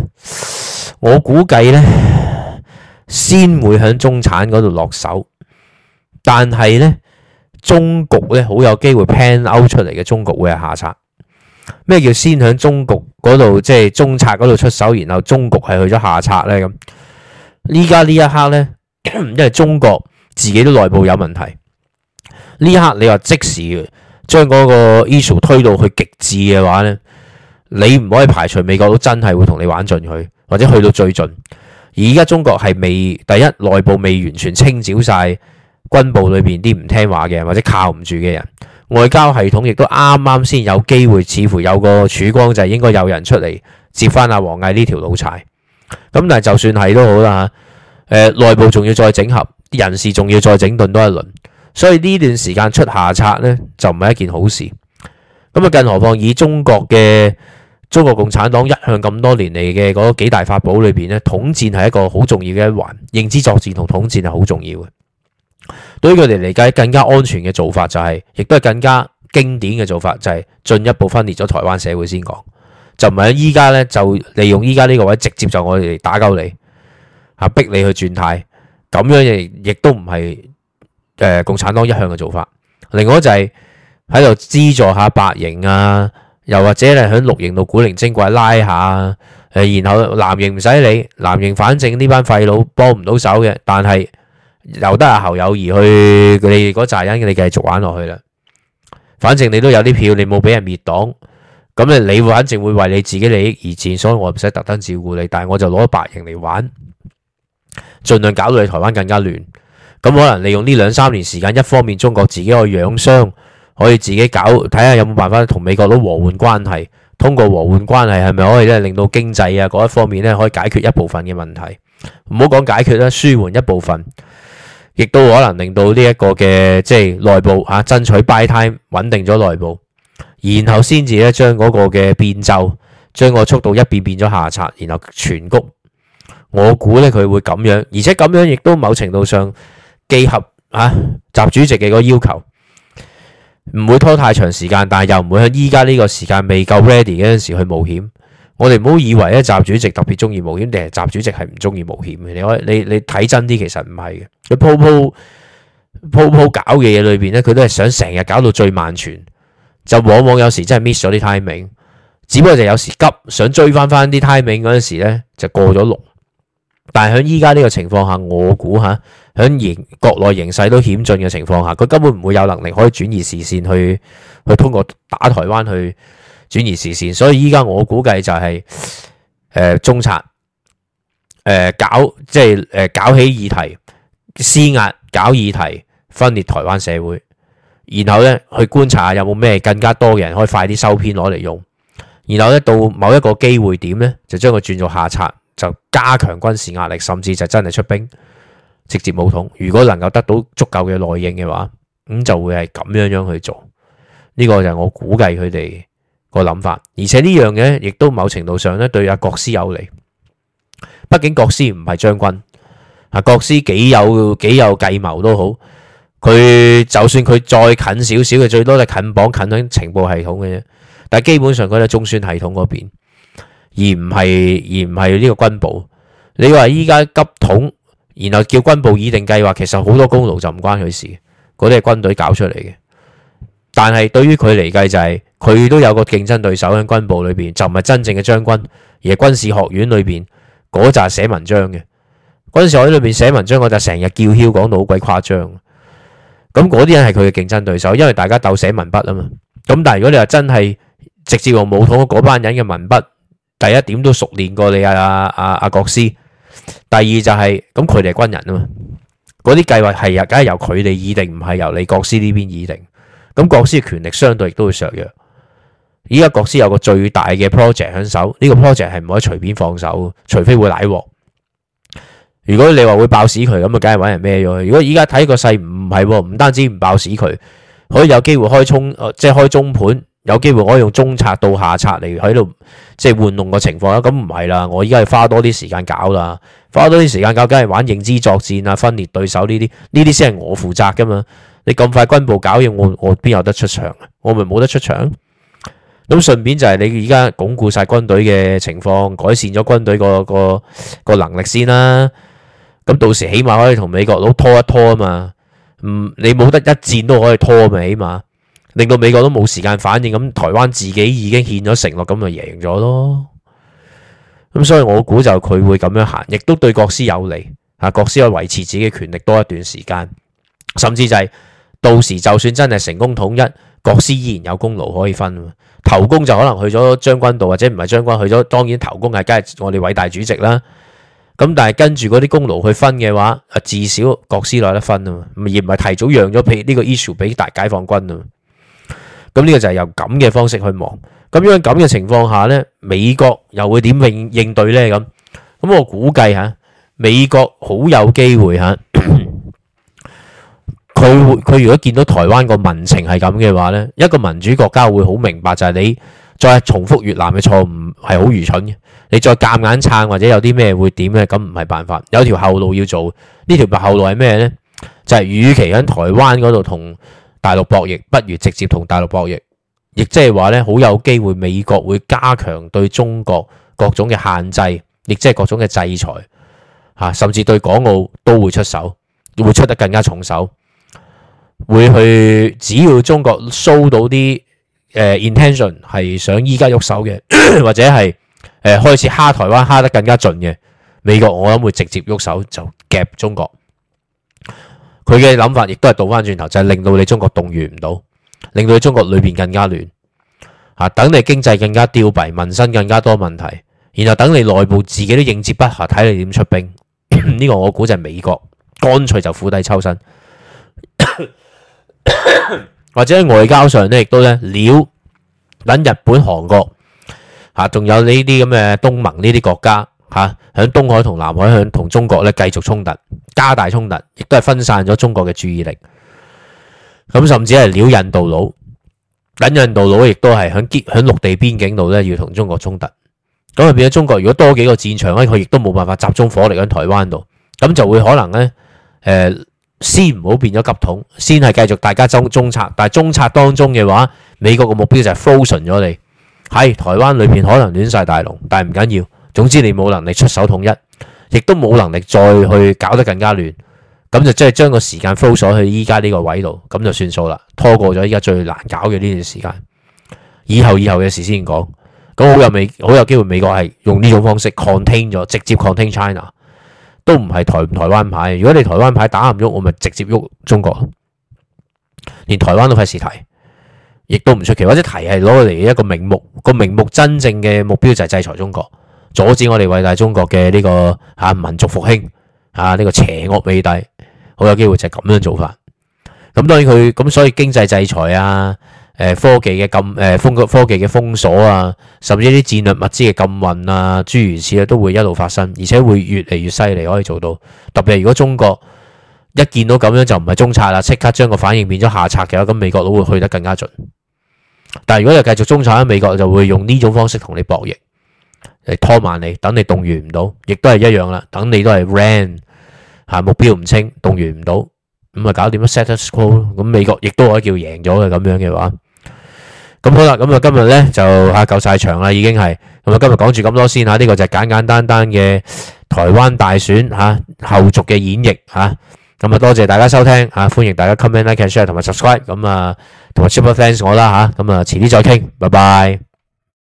我估計咧先會響中產嗰度落手，但係咧中局咧好有機會 plan out 出嚟嘅中局會係下策。咩叫先響中局嗰度即係中策嗰度出手，然後中局係去咗下策咧？咁呢家呢一刻咧？因為中國自己都內部有問題，呢刻你話即時將嗰個 issue 推到去極致嘅話呢，你唔可以排除美國都真係會同你玩盡佢，或者去到最盡。而家中國係未第一，內部未完全清剿晒軍部裏邊啲唔聽話嘅或者靠唔住嘅人，外交系統亦都啱啱先有機會，似乎有個曙光就係應該有人出嚟接翻阿王毅呢條老柴。咁但係就算係都好啦。誒，內、呃、部仲要再整合，人事仲要再整頓多一輪，所以呢段時間出下策呢，就唔係一件好事。咁啊，更何況以中國嘅中國共產黨一向咁多年嚟嘅嗰幾大法寶裏邊呢，統戰係一個好重要嘅一環，認知作戰同統戰係好重要嘅。對於佢哋嚟講，更加安全嘅做法就係、是，亦都係更加經典嘅做法就係、是，進一步分裂咗台灣社會先講，就唔係依家呢，就利用依家呢個位直接就我哋嚟打鳩你。嚇逼你去轉態，咁樣亦亦都唔係誒共產黨一向嘅做法。另外就係喺度資助下白營啊，又或者係響綠營度古靈精怪拉下誒，然後藍營唔使理藍營，反正呢班廢佬幫唔到手嘅，但係由得阿侯友宜去佢哋嗰扎人，你繼續玩落去啦。反正你都有啲票，你冇俾人滅黨，咁你會反正會為你自己利益而戰，所以我唔使特登照顧你，但係我就攞白營嚟玩。盡量搞到你台灣更加亂，咁可能利用呢兩三年時間，一方面中國自己可以養傷，可以自己搞睇下有冇辦法同美國都和緩關係，通過和緩關係係咪可以咧令到經濟啊嗰一方面咧可以解決一部分嘅問題，唔好講解決啦，舒緩一部分，亦都可能令到呢一個嘅即係內部吓爭取 buy time 穩定咗內部，然後先至咧將嗰個嘅變奏，將個速度一變變咗下策，然後全局。我估咧佢會咁樣，而且咁樣亦都某程度上契合啊習主席嘅個要求，唔會拖太長時間，但係又唔會喺依家呢個時間未夠 ready 嗰陣時候去冒險。我哋唔好以為咧習主席特別中意冒險，定係習主席係唔中意冒險嘅。你可你你睇真啲，其實唔係嘅。佢鋪鋪鋪鋪搞嘅嘢裏邊咧，佢都係想成日搞到最萬全，就往往有時真係 miss 咗啲 timing。只不過就有時急想追翻翻啲 timing 嗰陣時咧，就過咗龍。但係喺依家呢個情況下，我估吓，喺形國內形勢都險峻嘅情況下，佢根本唔會有能力可以轉移視線去去通過打台灣去轉移視線，所以依家我估計就係、是、誒、呃、中策，誒、呃、搞即係誒、呃、搞起議題施壓，搞議題分裂台灣社會，然後咧去觀察下有冇咩更加多嘅人可以快啲收編攞嚟用，然後咧到某一個機會點咧就將佢轉做下策。就加強軍事壓力，甚至就真係出兵直接武統。如果能夠得到足夠嘅內應嘅話，咁就會係咁樣樣去做。呢個就係我估計佢哋個諗法。而且呢樣嘢亦都某程度上咧對阿國師有利。畢竟國師唔係將軍，阿國師幾有幾有計謀都好，佢就算佢再近少少，佢最多就近綁近響情報系統嘅啫。但係基本上佢喺中宣系統嗰邊。而唔係而唔係呢個軍部，你話依家急統，然後叫軍部擬定計劃，其實好多功勞就唔關佢事，嗰啲係軍隊搞出嚟嘅。但係對於佢嚟計就係佢都有個競爭對手喺軍部裏邊，就唔係真正嘅將軍，而係軍事學院裏邊嗰扎寫文章嘅，軍事學院裏邊寫文章，我就成日叫囂講到好鬼誇張。咁嗰啲人係佢嘅競爭對手，因為大家鬥寫文筆啊嘛。咁但係如果你話真係直接用武統嗰班人嘅文筆。第一點都熟練過你阿阿阿國師，第二就係咁，佢哋軍人啊嘛，嗰啲計劃係日梗係由佢哋議定，唔係由你國師呢邊議定。咁國師嘅權力相對亦都會削弱。依家國師有個最大嘅 project 喺手，呢、呢個 project 係唔可以隨便放手，除非會拉鑊。如果你話會爆死佢咁啊，梗係搵人孭咗佢。如果依家睇個勢唔係，唔、啊、單止唔爆死佢，可以有機會開衝，即係開中盤。有機會我可以用中策到下策嚟喺度即係玩弄個情況啦，咁唔係啦，我依家係花多啲時間搞啦，花多啲時間搞梗係玩認知作戰啊，分裂對手呢啲呢啲先係我負責噶嘛。你咁快軍部搞完，我我邊有得出場啊？我咪冇得出場。咁順便就係你而家鞏固晒軍隊嘅情況，改善咗軍隊個個個能力先啦。咁到時起碼可以同美國佬拖一拖啊嘛。唔，你冇得一戰都可以拖咪，起碼。令到美國都冇時間反應，咁台灣自己已經欠咗承諾，咁就贏咗咯。咁所以我估就佢會咁樣行，亦都對國師有利啊。國師可以維持自己嘅權力多一段時間，甚至就係到時就算真係成功統一，國師依然有功勞可以分。頭功就可能去咗將軍度，或者唔係將軍去咗，當然頭功係梗係我哋偉大主席啦。咁但係跟住嗰啲功勞去分嘅話，啊至少國師攞得分啊，而唔係提早讓咗俾呢個 issue 俾大解放軍啊。咁呢、嗯，這個就係由咁嘅方式去望。咁樣，咁嘅情況下呢，美國又會點應應對咧？咁咁、嗯、我估計吓、啊，美國好有機會吓，佢、啊、會佢如果見到台灣個民情係咁嘅話呢，一個民主國家會好明白就係你再重複越南嘅錯誤係好愚蠢嘅，你再夾硬撐或者有啲咩會點咧？咁唔係辦法，有條後路要做，呢條後路係咩呢？就係、是、與其喺台灣嗰度同。大陸博弈不如直接同大陸博弈，亦即係話咧，好有機會美國會加強對中國各種嘅限制，亦即係各種嘅制裁，嚇甚至對港澳都會出手，會出得更加重手，會去只要中國 show 到啲誒 intention 係想依家喐手嘅， [laughs] 或者係誒開始蝦台灣蝦得更加盡嘅美國，我諗會直接喐手就夾中國。佢嘅諗法亦都係倒翻轉頭，就係令到你中國動員唔到，令到你中國裏邊更加亂，嚇等你經濟更加凋敝，民生更加多問題，然後等你內部自己都應接不暇，睇你點出兵？呢個我估就係美國，乾脆就釜底抽薪， [laughs] 或者喺外交上咧，亦都咧料等日本、韓國嚇，仲有呢啲咁嘅東盟呢啲國家。吓，喺、啊、東海同南海，響同中國咧繼續衝突，加大衝突，亦都係分散咗中國嘅注意力。咁甚至係撩印度佬，等印度佬亦都係響結響陸地邊境度咧要同中國衝突。咁啊，變咗中國如果多幾個戰場咧，佢亦都冇辦法集中火力喺台灣度，咁就會可能咧誒、呃，先唔好變咗急統，先係繼續大家周中策。但係中策當中嘅話，美國嘅目標就係 frozen 咗你喺、哎、台灣裏邊可能亂晒大龍，但係唔緊要。總之，你冇能力出手統一，亦都冇能力再去搞得更加亂，咁就即係將個時間封鎖去依家呢個位度，咁就算數啦。拖過咗依家最難搞嘅呢段時間，以後以後嘅事先講。咁好有美好有機會，美國係用呢種方式 contain 咗，直接 contain China 都唔係台台灣牌。如果你台灣牌打唔喐，我咪直接喐中國，連台灣都費事提，亦都唔出奇。或者提係攞嚟一個名目，個名目真正嘅目標就係制裁中國。阻止我哋偉大中國嘅呢個吓民族復興吓呢個邪惡美帝，好有機會就係咁樣做法。咁當然佢咁所以經濟制裁啊，誒科技嘅禁誒封國科技嘅封鎖啊，甚至啲戰略物資嘅禁運啊諸如此類都會一路發生，而且會越嚟越犀利，可以做到。特別如果中國一見到咁樣就唔係中策啦，即刻將個反應變咗下策嘅話，咁美國都會去得更加盡。但係如果又繼續中策，美國就會用呢種方式同你博弈。嚟拖慢你，等你動員唔到，亦都係一樣啦。等你都係 ran 嚇目標唔清，動員唔到，咁啊搞掂 set a score 咯。咁美國亦都可以叫贏咗嘅咁樣嘅話，咁好啦。咁啊今日咧就嚇夠曬場啦，已經係咁啊。今日講住咁多先嚇，呢個就係簡簡單單嘅台灣大選嚇後續嘅演繹嚇。咁啊多謝大家收聽嚇，歡迎大家 comment 啊，like，share，同埋 subscribe 咁啊，同埋 super thanks 我啦嚇。咁啊遲啲再傾，bye bye。